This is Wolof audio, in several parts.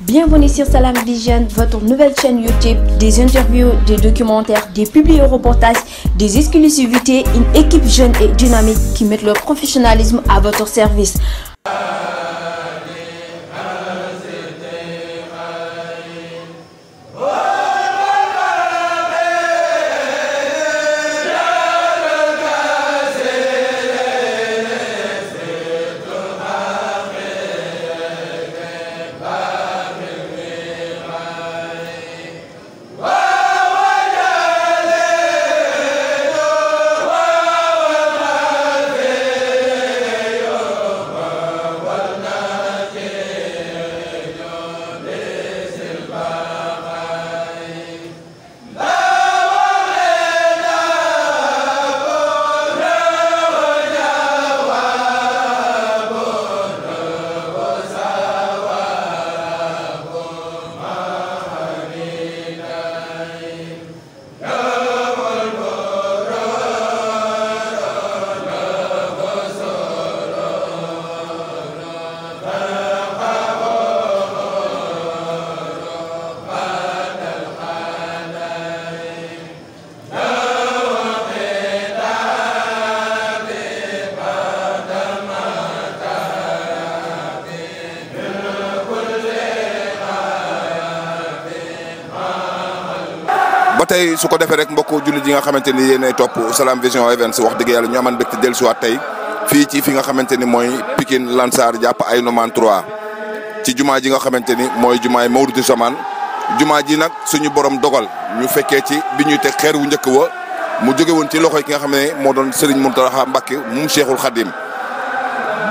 Bienvenue sur salaam Vision, votre nouvelle chaîne YouTube, des interviews, des documentaires, des publi-reportages, des exclusivités, une équipe jeune et dynamique qui met leur professionnalisme à votre service. ba tey su ko defee rek mbokk jullit yi nga xamante ni yéenay topp Salam Vision Events wax dëgg yàlla ñu aman mbégte dellusiwaat tey fii ci fi nga xamante ni mooy Pikine Lansar jàpp ay numan ci jumaa ji nga xamante ni mooy jumaay Mawridu Samaan jumaa ji nag suñu borom dogal ñu fekkee ci bi ñuy teg xeer wu njëkk wa mu jóge ci loxoy ki nga xam ne moo doon Serigne Mountakha Mbacké mu Cheikhul Khadim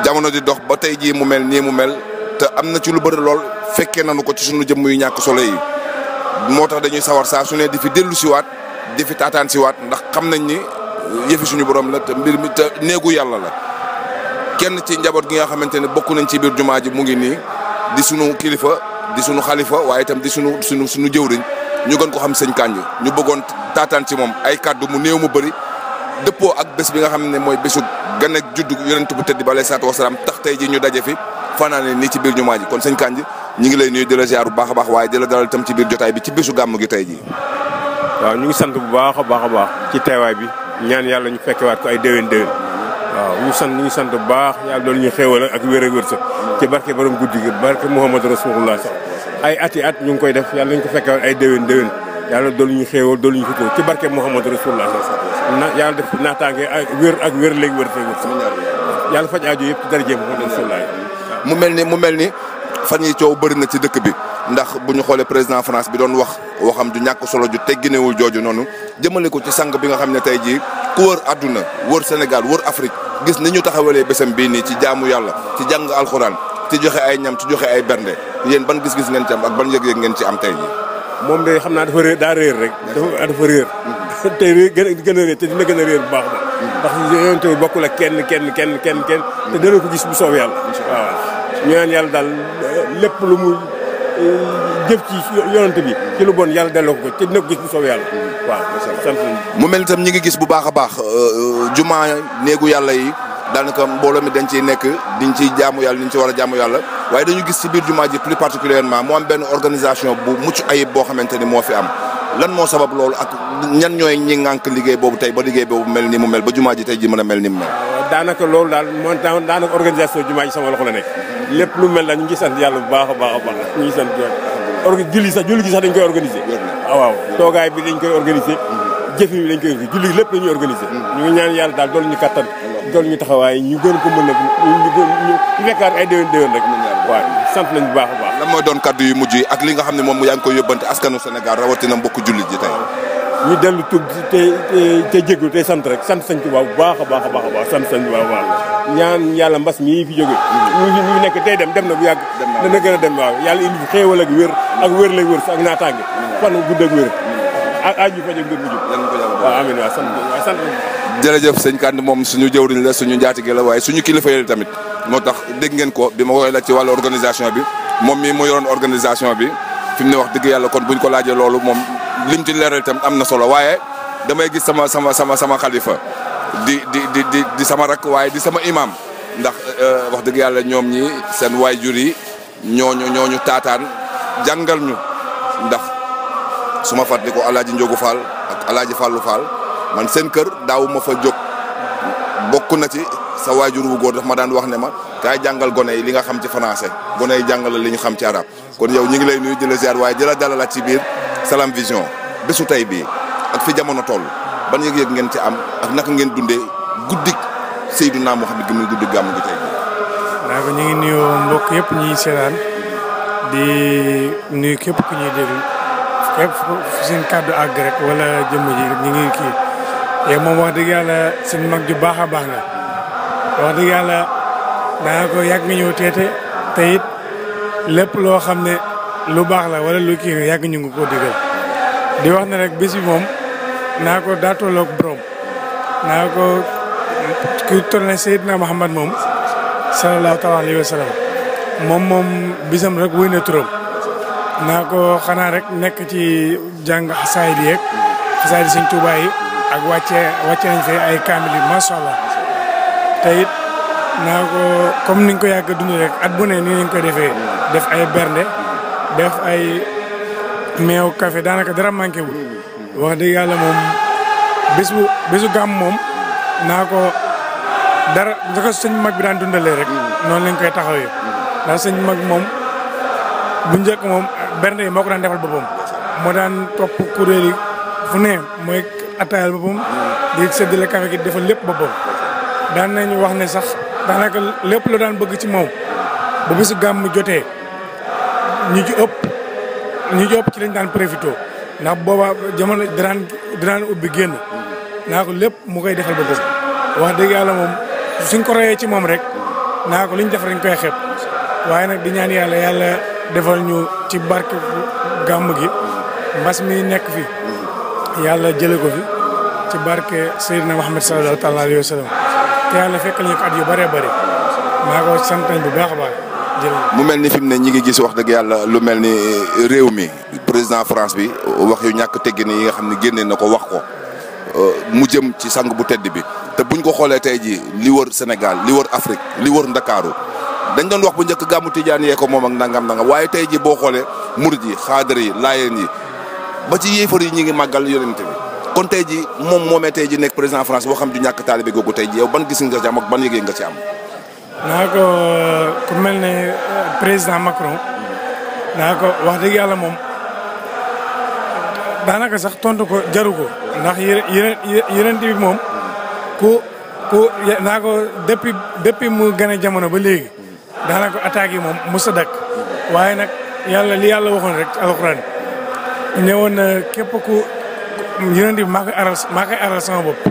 jamono di dox ba tey jii mu mel nii mu mel te am na ci lu bëri lool fekkee na nu ko ci suñu jëmm yu ñàkk solo yi moo tax dañuy sawar saa su ne di fi dellu siwaat di fi taataan siwaat ndax xam nañ ni yëfi suñu borom la te mbir mi te néegu yàlla la kenn ci njaboot gi nga xamante ne bokk nañ ci biir jumaa ji mu ngi nii di suñu kilifa di sunu xalifa waaye itam di suñu sunu sunu jëwriñ ñu gën ko xam sëñ Kànj ñu bëggoon taataan ci moom ay kàddu mu néew mu bëri dëppoo ak bés bi nga xam ne mooy bésu gan ak juddu yonent bu tëdd bi alayhi salaatu wasalaam tax tey ji ñu daje fi fanaane nii ci biir jumaa ji kon sëñ ñi ngi lay nuyu di la baax a baax waaye di dalal itam ci biir jotaay bi ci bésu gàmm gi tey ji waaw ñu ngi sant bu baax a baax a baax ci teewaay bi ñaan yàlla ñu fekkewaat ko ay déwén déwén waaw ñu sant ñu ngi sant bu baax yàlla doon ñu xéewal ak ak wér sa ci barke borom guddi gi barke Muhammad Rasulullah sax ay at ñu ngi koy def yàlla ñu ko fekkewaat ay déwén déwén yàlla doon ñu xéewal doon ñu xutoo ci barke Muhammad Rasulullah sax na yàlla def naataange ak wér ak wér léegi wér sa wér sa yàlla faj aajo yëpp ci daraje Muhammad Rasulullah mu mel ni mu mel ni fan yi coow bëri na ci dëkk bi ndax bu ñu xoolee président France bi doon wax waxam ju ñàkk solo ju tegginewul jooju noonu jëmale ko ci sang bi nga xam ne tey jii ku wër àdduna wër Sénégal wër Afrique gis ni ñu taxawalee bésam bii nii ci jaamu yàlla ci jàng alxuraan ci joxe ay ñam ci joxe ay bernde yéen ban gis-gis ngeen ci am ak ban yëg-yëg ngeen ci am tey jii. moom de xam naa dafa daa réer rek. dafa mhm. gën gën a réer te dina gën a réer bu baax ba. Mhm. ndax yonent bi bokkul kenn kenn kenn kenn kenn. te dana ko gis bu soob yàlla. ñu naan lépp lu mu euh, jëf ci yonent bi ci lu bon yàlla delloo ko te dina ko gis bu soobee yàlla mu mel itam ñi ngi gis bu baax a baax euh, euh, jumaa néegu yàlla yi daanaka mbooloo mi dañ ciy nekk diñ ciy jaamu yàlla ni ñu ci war a jaamu yàlla waaye dañu gis ci biir jumaa ji plus particulièrement mu am benn organisation bu mucc ayib boo xamante ni moo fi am lan moo sabab lool ak ñan ñooy ñi ngànk liggéey boobu tey ba liggéey boobu mel ni mu mel ba jumaa ji tey ji mën a mel ni mu mel daanaka loolu daal moo daanaka organisation jumaa ji la nekk lépp lu mel nag ñu ngi sant yàlla bu baax a baax a baax ñu ngi sant orgi julli sax julli gi sax dañ koy organisé waaw ah, waaw toogaay bi dañ koy organisé bi mhm. dañ koy organisé julli lépp dañuy mhm. ñu ngi ñaan yàlla daal dool ñu kattan dool ñu taxawaay ñu gën ko mën nag ñu nekkaat ay déwén déwén rek waaw sant nañ bu baax a baax lan mooy doon kaddu yu mujj ak li nga xam ne moom yaa ngi koy yóbbante askanu Sénégal rawatina mbokk jullit ji tey ñu dellu tub te te jégalu te sant rek sant sañ bu baax a baax a baax a baax sant sañ bu ñaan yàlla mbas mii fi jóge ñu nekk tey dem dem na bu yàgg dana gën a dem waaw yàlla indi fi xéewal ak wér ak wér lay wër si ak naataange fan gudd ak wér ak aaj bi fajo ngir bu jub jërëjëf sëñ moom suñu jëwriñ la suñu njaatige la waaye suñu kilifa yi tamit moo tax dégg ngeen ko bi ma koy laaj ci wàllu organisation bi moom mii mu yoroon organisation bi fi mu ne wax dëgg yàlla kon buñ ko laajee loolu moom lim ci leeral itam am na solo waaye damay gis sama sama sama sama xalifa di di di di sama rakk waaye di sama imam ndax euh, wax dëgg yàlla ñoom ñi seen waajur yi ñooñu ñooñu taataan jàngal ñu ndax suma ma fàttali ko alaaji Njogu Fall ak alaaji Fàllu Fall man seen kër daaw ma fa jóg bokk na ci sa waajur wu góor daf ma daan wax ne ma kaay jàngal gone yi li nga xam ci français gone yi jàngal li ñu xam ci arab kon yow ñu ngi lay nuyu di la ziar waaye di la dalalaat ci biir Salam Vision bésu tey bii ak fi jamono toll ban yëg-yëg ngeen ci am ak naka ngeen dundee guddik Seydina Muhammad gi muy guddi gàmm gi tey waaw ñu ngi nuyu mbokk yëpp ñuy seetaan di nuyu képp ku ñuy déglu képp seen kàddu àgg rek wala jëmm ji ñu ngi kii yow moom wax dëgg yàlla seen mag ju baax a baax nga wax dëgg yàlla danga ko yàgg nga ñëw teete te it lépp loo xam ne lu baax la wala lu kii yàgg ñu ngi ko digal di wax ne rek bés moom naako ko daatoloog borom naa ko ku toll ne Muhammad moom sallallahu taala alayhi wa moom moom bisam rek wéy na turam naa ko xanaa rek nekk ci jàng xasaayid yeeg xasaayid Sëñ Tuubaa yi ak wàcce wàcce ay kaamil yi macha allah te it naa ni comme niñ ko yàgg a dund rek at bu ne nii lañ koy defee def ay bernde def ay meew café daanaka dara manqué wul wax dëgg yàlla moom bés bisu bésu moom naa ko dara nga ko sëñ mag bi daan dundalee rek. noonu lañ koy taxawee. ndax sëñ mag moom bu njëkk moom bernde yi moo ko daan defal boppam. moo daan top kuréel yi fu ne mooy attaayal boppam. di séddale kafe gi defal lépp boppam. daan ñu wax ne sax daanaka lépp lu daan bëgg ci moom bu bésu gàmm jotee ñu ci ëpp ñu ci ëpp ci lañ daan profité. ndax booba jamono danaan danaan ubbi génn naa ko lépp mu koy defal boppam wax dëgg yàlla moom suñ ko royee ci moom rek naa ko liñ def dañ koy xeeb waaye nag di ñaan yàlla yàlla defal ñu ci barke gàmm gi mbas mi nekk fi yàlla jële ko fi ci barke Seydina Muhammad sallallahu alayhi wa sallam te yàlla fekk ñu ko at yu bare bëri naa ko santañ bu baax baax mu mel ni fi mu ne ñi ngi gis wax dëgg yàlla lu mel ni eh, réew mi président France bi eh, wax yu ñàkk teggi ni yi nga xam ne génnee na ko wax ko eh, mu jëm ci sang bu tedd bi te buñ ko xoolee tey jii li wër Sénégal li wër Afrique li wër Ndakaaru dañ doon wax bu njëkk gàmmu Tijaan yee ko moom ak nangam nangam waaye tey ji boo xoolee murid yi xaadar yi laayeen yi ba ci yéefar yi ñi ngi màggal yonent bi kon tey jii moom moomee tey jii nekk président France boo xam du am ak ban yëg nga ci am naa ko eh, ku mel ne eh, président Macron naa ko wax dëgg yàlla moom daanaka sax tontu ko jaru ko ndax yeneen yeneen bi moom ku ku naa ko depuis depuis mu gën a jamono ba léegi daanaka attaques yi moom mos a waaye nag yàlla li yàlla waxoon rek alxuraan ñëwoon na képp yeneen bi maa koy aral maa koy aral sama bopp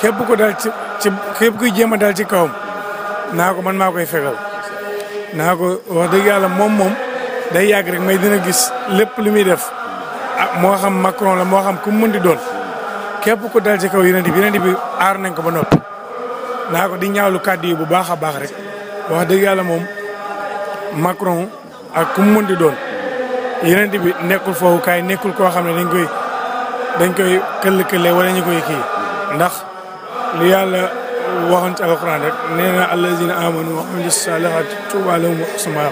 képp ku dal ci ci képp kuy jéem a dal ci kawam. naa ko man maa koy fegal naa ko wax dëgg yàlla moom moom day yàgg rek may dina gis lépp lu muy def ah moo xam Macron la moo xam ku mën di doon képp ku dal ci kaw yeneen bi yeneen bi aar nañ ko ba noppi naa ko di ñaawlu kàddu yi bu baax a baax rek wax dëgg yàlla moom Macron ak ku mu mën di doon yeneen bi nekkul foofu kaay nekkul koo xam ne ni dañ koy dañ koy këll këllee wala ñu koy kii ndax lu yàlla. waxoon ci alxuraan rek nee na allazina amanu wa amilu salihat tuuba lahum wa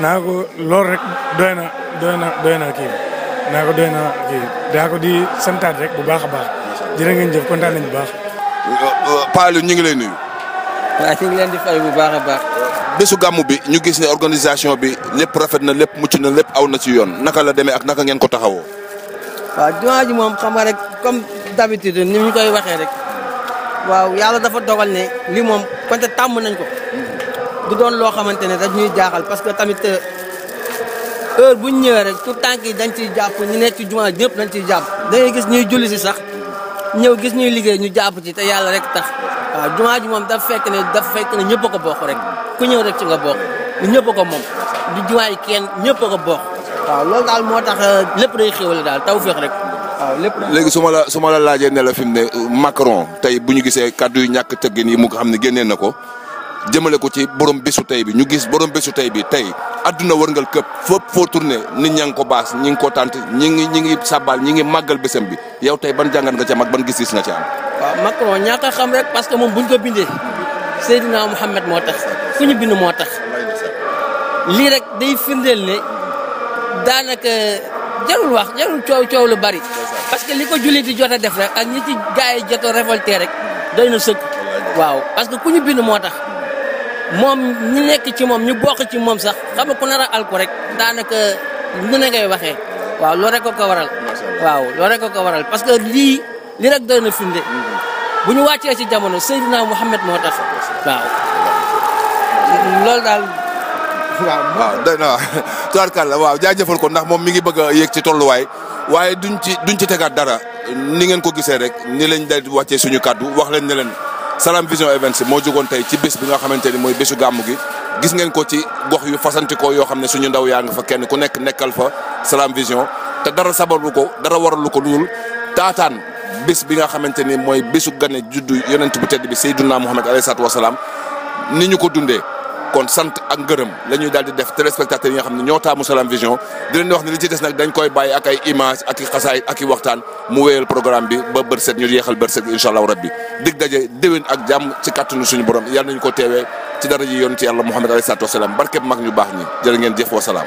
naa ko loolu rek doy na doy na na kii naa ko di santaat rek bu baax a baax jërë ngeen jëf kontaan nañ bu baax Paalu ñu ngi lay nuyu waaw ñu ngi leen di fay bu baax a baax bésu gàmmu bi ñu gis ne organisation bi lépp rafet na lépp mucc na lépp aw na ci yoon naka la demee ak naka ngeen ko taxawoo waaw jumaa ji moom xam rek comme d'habitude ni koy waxee rek waaw yàlla dafa dogal ne li moom konte tàmm nañ ko du doon loo xamante ne daf ñuy jaaxal parce que tamit euh, eur bu ñu ñëwee rek tout tànk yi dañ ciy jàpp ñu nekk ci jumaa ñëpp dañ ciy jàpp dangay gis ñuy julli si sax ñëw gis ñuy liggéey ñu jàpp ci te yàlla rek tax waaw jumaa ji moom daf fekk ne daf fekk ne ñëpp a ko bokk rek ku ñëw rek ci nga bokk ñëpp ko moom du jumaa yi kenn ñëpp a ko bokk waaw loolu daal moo tax euh, lépp day xéwale daal taw féex rek léegi su ma la su ma la laajee ne la fi mu ne euh, Macron tey bu ñu gisee kàddu yu ñàkk tëggin yi mu nga xam ne génnee na ko jëmale ko ci borom bésu tey bi ñu gis borom bésu tey bi tey adduna wërngal këpp fépp foo tourné nit ñaa ngi ko baas ñi ngi ko tant ñi ngi ñi ngi sàbbaal ñi ngi màggal bésam bi yow tey ban jàngat nga ca mag ban gis-gis nga ca am. waaw Macron ñàkk a xam rek parce que moom buñ ko bindee Seydina Mouhamed moo tax fu ñu bind moo tax lii rek day firndeel ne daanaka. jarul wax jarul coow coow lu bari. parce que li ko jullit di jot a def rek ak ñi ci gars yi jot a rek doy na sëkk. waaw parce que ku ñu bind moo tax moom ñi nekk ci moom ñu bokk ci moom sax xam nga ku nar a alku rek daanaka nu ne ngay waxee waaw loolu rek ko ko waral. waaw loolu rek ko ko waral parce que lii li rek doy na finde mm-hmm. bu ñu wàccee ci jamono Seydina Mouhamed moo tax waaw loolu daal. waaw doy na waaw tubaarkàlla waaw jaajëfal ko ndax moom mi ngi bëgg a yéeg ci tolluwaay waaye duñ ci duñ ci tegaat dara ni ngeen ko gisee rek ni lañ day wàccee suñu kàddu wax leen ne leen Salam Vision Events moo jógoon tey ci bés bi nga xamante ni mooy bésu gàmm gi gis ngeen ko ci gox yu fasantikoo yoo xam ne suñu ndaw yaa nga fa kenn ku nekk nekkal fa Salam Vision te dara sababu ko dara waralu ko dul taataan bés bi nga xamante ni mooy bésu gane juddu yonent bu tedd bi Seydunaa Muhammad alayhi salaatu wasalaam ni ñu ko dundee kon sant ak ngërëm la ñuy daal di def téléspectateurs yi nga xam ne ñoo taamu Salam Vision di leen wax ne li ci des nag dañ koy bàyyi ak ay image ak i xasaay ak i waxtaan mu wéyal programme bi ba bër set ñu yeexal bër set incha allahu rabbi dig daje déwén ak jàmm ci kàttanu suñu borom yàlla nañu ko teewee ci dara ji yoon ci yàlla Muhammad alayhi salaatu wasalaam barkeb mag ñu baax ñi jërë ngeen jëf salaam